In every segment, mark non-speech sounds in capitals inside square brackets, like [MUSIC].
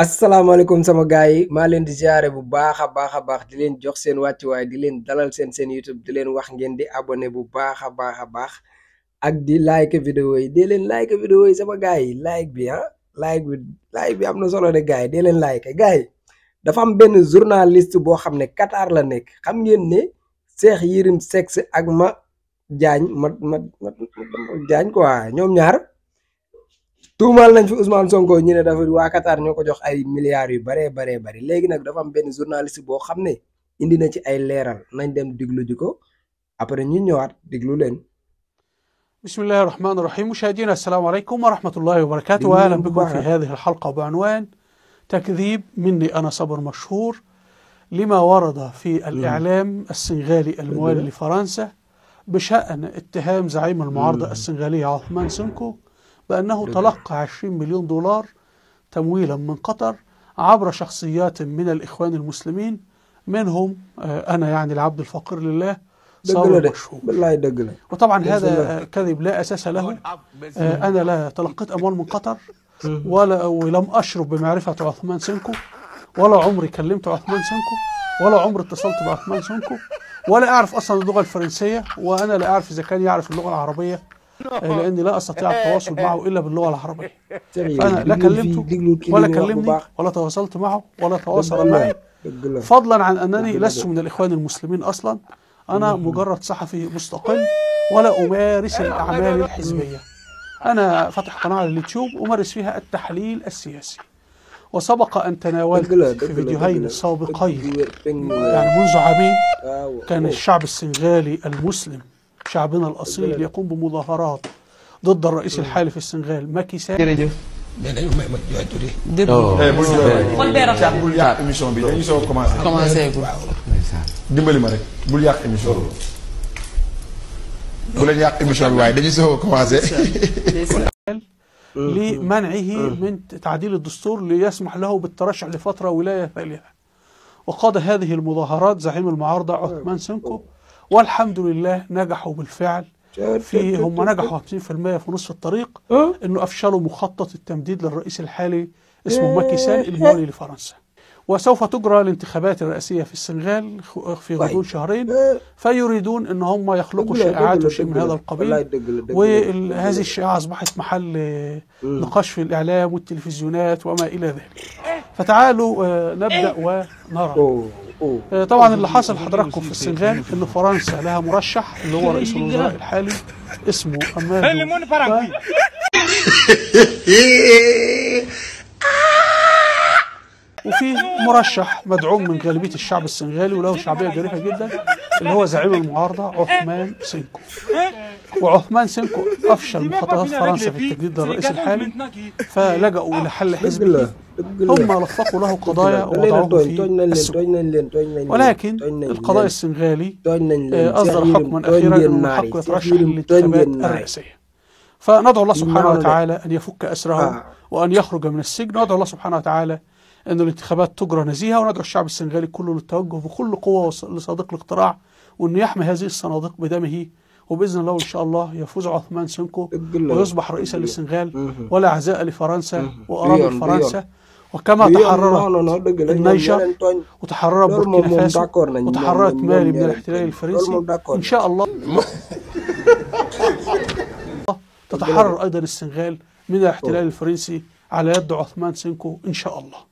asalaamaaleykum sama gars yi maa leen di ziare bu baax a baax a baax di leen jox seen wàccuwaay di leen dalal seen seen YouTube di leen wax ngeen di abonné bu baax a baax a baax ak di like vidéo yi dee leen like vidéo yi sama gars yi like bi ah like bi bi am na solo de gars yi dee leen like gars yi dafa am benn journaliste boo xam ne Qatar la nekk xam ngeen ne seex Yérim Seck ak ma jaañ ma ma ma jaañ quoi ñoom ñaar. tumal nañ fi Ousmane Sonko ñu ne dafa wa Qatar ñoko jox ay milliards yu bare bare bare légui nak dafa am ben journaliste bo xamné indi na ci ay léral nañ dem diglu diko après ñu ñëwaat diglu leen. بسم الله الرحمن الرحيم مشاهدينا السلام عليكم ورحمة الله وبركاته وأهلا بكم في هذه الحلقة بعنوان تكذيب مني أنا صبر مشهور لما ورد في الإعلام السنغالي الموالي لفرنسا بشأن اتهام زعيم المعارضة السنغالية عثمان سنكو بأنه تلقى 20 مليون دولار تمويلا من قطر عبر شخصيات من الإخوان المسلمين منهم آه، أنا يعني العبد الفقير لله وطبعا هذا كذب لا أساس له آه، أنا لا تلقيت أموال من قطر ولا ولم أشرب بمعرفة عثمان سنكو ولا عمري كلمت عثمان سنكو ولا عمري اتصلت بعثمان سنكو ولا أعرف أصلا اللغة الفرنسية وأنا لا أعرف إذا كان يعرف اللغة العربية [LAUGHS] إيه، لاني لا استطيع إيه، التواصل إيه. معه الا باللغه العربيه [LAUGHS] فانا لا كلمته ولا كلمني ولا تواصلت معه ولا تواصل معي فضلا عن انني لست من الاخوان المسلمين اصلا انا مجرد صحفي مستقل ولا امارس [LAUGHS] الاعمال الحزبيه انا فاتح قناه على اليوتيوب امارس فيها التحليل السياسي وسبق أن تناولت في فيديوهين سابقين يعني منذ عامين آه، كان الشعب السنغالي المسلم شعبنا الأصيل يقوم بمظاهرات ضد الرئيس الحالي في السنغال ماكي سال لمنعه آه. من تعديل الدستور ليسمح له بالترشح لفترة ولاية ثانية وقاد هذه المظاهرات زعيم المعارضة عثمان سنكو والحمد لله نجحوا بالفعل في هم نجحوا 50% في نصف الطريق أه؟ انه افشلوا مخطط التمديد للرئيس الحالي اسمه ماكي سان المولي لفرنسا وسوف تجرى الانتخابات الرئاسية في السنغال في غضون طيب. شهرين آه. فيريدون أن هم يخلقوا شائعات وشيء من هذا القبيل وهذه الشائعة أصبحت محل آه، نقاش في الإعلام والتلفزيونات وما إلى ذلك فتعالوا آه، نبدأ إيه. ونرى طبعا اللي حصل حضراتكم في السنغال ان فرنسا لها مرشح اللي هو رئيس الوزراء الحالي اسمه امان [LAUGHS] وفي مرشح مدعوم من غالبيه الشعب السنغالي وله شعبيه جريحة جدا اللي هو زعيم المعارضه عثمان سينكو وعثمان سينكو افشل مخططات فرنسا في التجديد للرئيس الحالي فلجأوا الى حل حزبه هم لفقوا له قضايا ووضعوه في السجن ولكن القضاء السنغالي اصدر حكما اخيرا أنه حقه يترشح للانتخابات الرئاسيه فندعو الله سبحانه وتعالى ان يفك اسره وان يخرج من السجن وندعو الله سبحانه وتعالى أن الانتخابات تجرى نزيهة وندعو الشعب السنغالي كله للتوجه بكل قوة لصادق الاقتراع وأنه يحمي هذه الصناديق بدمه وباذن الله ان شاء الله يفوز عثمان سنكو ويصبح رئيسا للسنغال ولا عزاء لفرنسا واراضي فرنسا وكما تحررت النيجر وتحررت بوركينا فاسو نعم، وتحررت نعم، مالي نعم، من الاحتلال الفرنسي ان شاء الله [LAUGHS] تتحرر ايضا السنغال من الاحتلال الفرنسي على يد عثمان سنكو ان شاء الله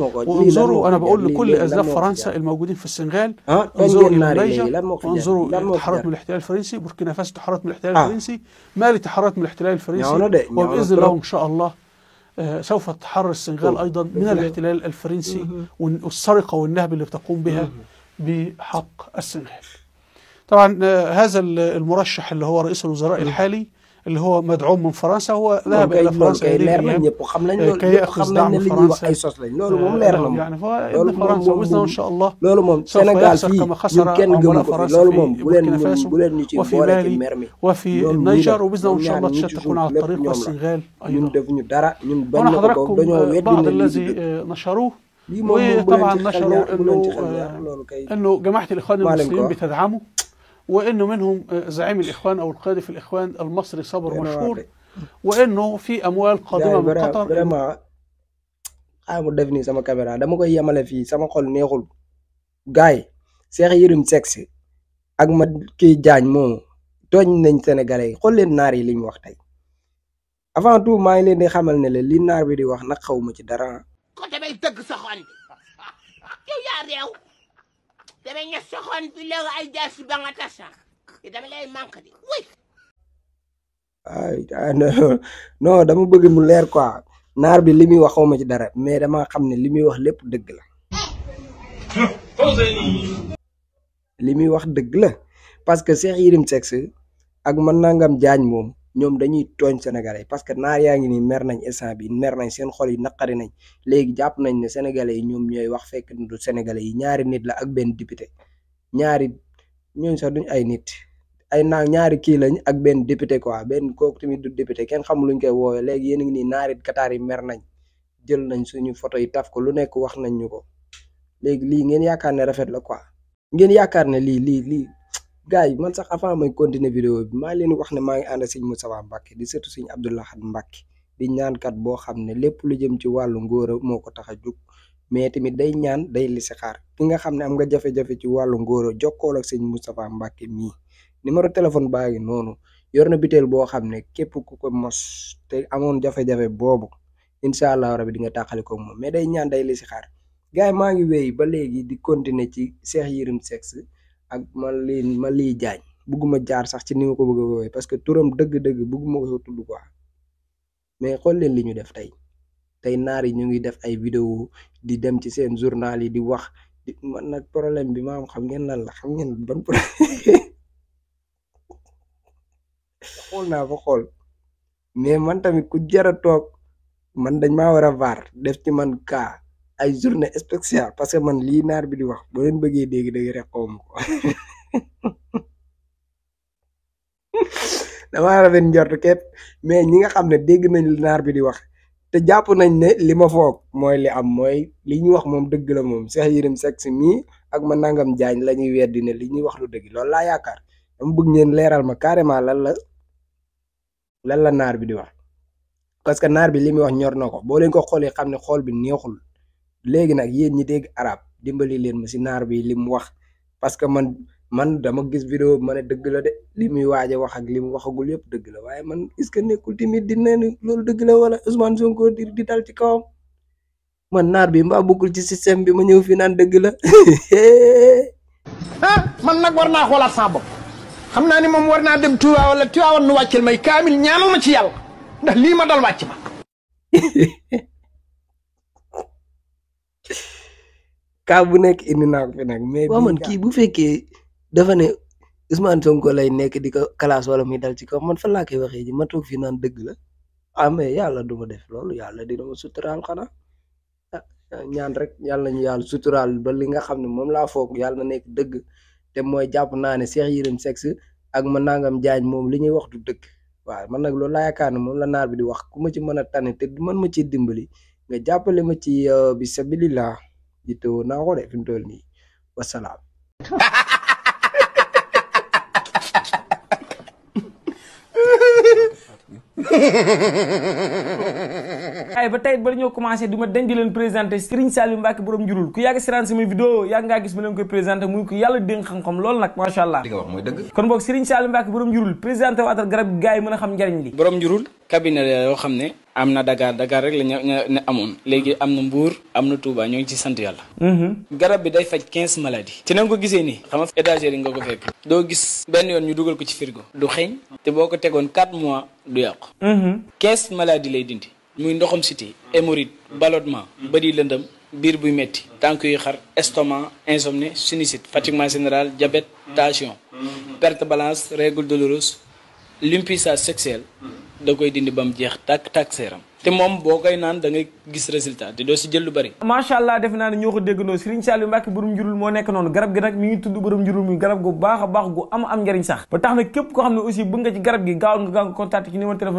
وانظروا انا بقول لكل اسلاف فرنسا يعني. الموجودين في السنغال أه؟ انظروا الى ماليزيا انظروا تحررت من الاحتلال الفرنسي بوركينا فاسو تحررت من الاحتلال الفرنسي مالي تحررت من الاحتلال الفرنسي وباذن نعم. الله ان شاء الله آه، سوف تحرر السنغال طيب. ايضا من الاحتلال الفرنسي والسرقه والنهب اللي بتقوم بها بحق السنغال. طبعا آه، هذا المرشح اللي هو رئيس الوزراء الحالي اللي هو مدعوم من فرنسا هو نعم، ذهب الى نعم، فرنسا آه، كي ياخذ دعم من فرنسا نعم، آه، يعني هو ابن فرنسا واذا ان شاء الله سوف في كما خسر عملاء فرنسا في بوركينا وفي مالي وفي النيجر وباذن ان شاء الله تشتقون على الطريق والسنغال ايضا انا حضراتكم بعض الذي نشروه وطبعا نشروا انه آه، انه جماعه الاخوان المسلمين بتدعمه وانه منهم زعيم الاخوان او القائد في الاخوان المصري صبر مشهور وانه في اموال قادمه من قطر amu defni sama caméra dama koy yamale fi sama xol neexul gaay Cheikh yirim sexe ak ma ki jaañ moomu togn nañ sénégalais xol len nar yi liñ wax tay avant tout ma ngi len di xamal ne li nar bi di wax nak xawma ci dara ko damay deug sa xol yow ya rew dama ña dama bëgg mu leer quoi naar bi li muy wax ma ci dara mais dama xam ne li muy wax lépp dëgg la. li muy wax dëgg la parce que Cheikh Yérim Seck ak man nangam jaañ moom. ñoom dañuy tooñ sénégalais parce que naar yaa ngi ni mer nañ instant bi mer nañ seen xol yi naqari nañ léegi jàpp nañ ne sénégalais yi ñoom ñooy wax fekk na du sénégalais yi ñaari nit la ak benn député ñaari ñooñ sax duñ ay nit ay naa ñaari kii lañ ak benn député quoi benn kooku tamit du député kenn xam luñ koy woowee léegi yéen a ngi ni naari Qatar yi mer nañ jël nañ suñu foto yi taf ko lu nekk wax nañ ñu ko léegi lii ngeen yaakaar ne rafet la quoi ngeen yaakaar ne lii lii gars yi man sax avant may continuer vidéo bi maa leen wax ne maa ngi ànd ak sëñ Moustapha Mbacke di sëtu sëñ Abdou Lahad Mbacke di ñaankat boo xam ne lépp lu jëm ci wàllu ngóora moo ko tax a jug mais tamit day ñaan day listixaar ki nga xam ne am nga jafe ci wàllu ngóora jokkool ak sëñ Moustapha Mbacke mii numéro téléphone baa ngi noonu yor na biteel boo xam ne képp ku ko mos te amoon jafe-jafe boobu incha allah rabi di nga tàqali ko moom mais day ñaan day listixaar gars maa ngi wéy ba léegi di continuer ci Cheikh Yérim Seck ak Maly lii jaañ bugguma jaar sax ci ni ma ko bëgg a woowee parce que turam dëgg-dëgg bugguma ko tudd quoi mais xool leen li ñu def tey tey naar yi ñu ngi def ay video di dem ci seen journal yi di wax di man nag problème bi maam xam ngeen lan la xam ngeen ban problème [LAUGHS] xool naa fa xool mais man tamit ku jar a toog man dañ maa war a vaar def ci man kaa ay journée spéciale parce que man lii naar bi di wax boo leen bëggee dégg dégg rek xaw ma ko [LAUGHS] damaa rafet njort képp mais ñi nga xam ne dégg nañ li naar bi di wax te jàpp nañ ne li ma foog mooy li am mooy li ñuy wax moom dëgg la moom Cheikh Yérim Seck si mii ak ma nangam jaañ la ñuy weddi ne li ñuy wax lu dëgg loolu laa yaakaar dama bëgg ngeen leeral ma carrément lan la lan la naar bi di wax parce que naar bi li muy wax ñor na ko boo leen ko xoolee xam ne xool bi neexul. léegi nag yéen ñi dégg araab dimbali leen ma si naar bi li mu wax parce que man man dama gis vidéo ma ne dëgg la de li muy waaj a wax ak li mu waxagul yëpp dëgg la waaye man est ce que nekkul tamit di neen loolu dëgg la wala Ousmane Sonko di di dal ci kawam man naar bi mbaa bokkul ci système bi ma ñëw fi naan dëgg la [LAUGHS] ah, man nag war naa xoolaat saa xam naa ni moom war naa dem Touba wala Tiwaawan nu wàccel may kaamil ñaanal ma ci yàlla ndax lii ma dal wàcc [LAUGHS] ka bu nek indi nak fi nak mais bo man ki bu fekke dafa ne Ousmane Sonko lay nek di ko kalaas wala mi dal ci ko man fa la kay waxe ji ma tok fi nan deug la ah mais yàlla du def lolou yalla dina ma sutural xana ah, ñaan rek yalla ñu yalla sutural ba li nga xamne mom la laa yalla nek deug te moy japp naa Cheikh yirim sex ak ma nangam jaaj mom li ñuy wax du deug man nak lolou la yaakaar ne la nar bi di wax kuma ci tané te man ma ci dimbali nga jappale ma ci euh, bisabilillah itu nak ko de ni. wassalam. [LAUGHS] ay ba tey bala ñoo commencé duma dañ di leen présenter Serigne salim Mbacke borom jurul ku yàgg sirane sama vidéo yàgg nga gis ma leen koy présenté muy ko yalla deeng xam-xam lool nak machallah diga wax moy deug kon bok Serigne salim Mbacke borom njurul présenté waatal garab gaay mëna xam njariñ li borom jurul cabinet yo xamne amna dagar dagar rek la ñu ne amoon léegi am Mbour amna na Touba ñoo ngi ci sant hmm garab bi day faj 15 maladie ci na nga ko gisee ni xam nga étagère yi nga ko fekk do gis ben yon ñu duggal ko ci frigo du xeeñ te boko tegon 4 mois du yaq hmm 15 maladie lay dindi muy cité siti hémorroïde ballonnement bëri lëndëm biir buy metti tànk yu xar estomac insomnie sinusite fatigue général diabète tension perte balance règle douloureuse l'impuissance sexuelle da koy dindi bam mu jeex tak tàkk te moom boo koy naan da gis résultat te doo si jël lu bëri macha allah defe ñoo ko déggandoo noonu garab gi na képp koo xam ne aussi bëgg nga ci garab gi gaawal nga gaaw nga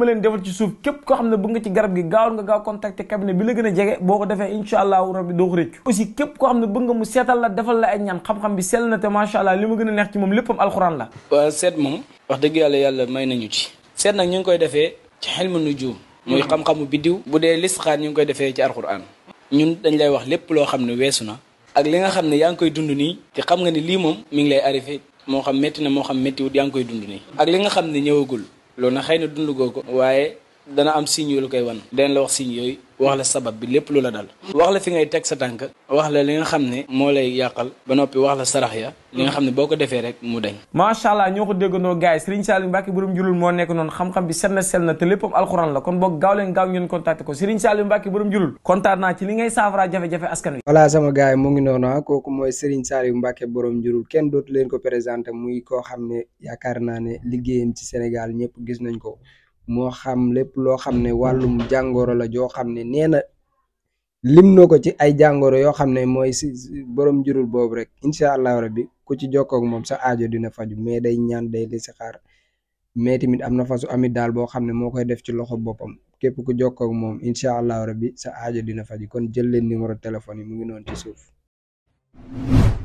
ma leen defal ci suuf képp koo xam ne bu nga ci garab gi gaaw nga gaaw contacter cabinet bi la gëna a boko défé inshallah rabbi do xëc aussi képp ko xamné ne bëgg nga mu sétal la défal la ay ñaan xam-xam bi sel na te macha allah li ma neex ci mom léppam alcorane la wa sét mom wax dëgg yalla yalla may nañu ci sét nak ñu ngi koy défé ci hilmu nujum muy xam-xamu bidiw bu dé listixaan ñu ngi koy défé ci alcorane ñun dañ lay wax lépp lo xam ne na ak li nga xam yang koy dund ni te xam nga ni li mom mi ngi lay arrivé mo xam metti na mo xam metti yaa yang koy dund ni ak li nga xam ñëwagul na xeyna na dund goo ko waaye dana am signe yooyu lu koy wan dana la wax yooyu wax la sabab bi lépp lu la dal wax la fi ngay teg sa tànk wax la li nga xam ne moo lay yàqal ba noppi wax la sarax ya li nga xam ne boo ko defee rek mu dañ macha allah ñoo ko déggandoo gars yi Serigne Saliou Mbacke borom julul moo nekk noonu xam-xam bi set na sel na te léppam alxuraan la kon boo gaaw leen gaaw ngeen contacté ko Serigne Saliou Mbacke borom julul kontaan naa ci li ngay saafara jafe-jafe askan wi voilà sama gars yi mu ngi noonu ah, kooku mooy Serigne Saliou Mbacke borom julul kenn dootu leen ko présenté muy koo xam ne yaakaar naa ne liggéeyam ci Sénégal ñëpp gis nañ ko moo xam lépp loo xam ne wàllum jàngoro la joo xam ne nee na lim ko ci ay jàngoro yoo xam ne mooy si borom jurul boobu rek incha allahu rabbi ku ci jokkoog moom sa aajo dina faju mais day ñaan day listixaar mais tamit am na fasu amit daal boo xam ne moo koy def ci loxo boppam képp ku jokkoog moom incha allahu rabbi sa aajo dina faju kon jël leen numéro téléphone yi mu ngi noonu ci suuf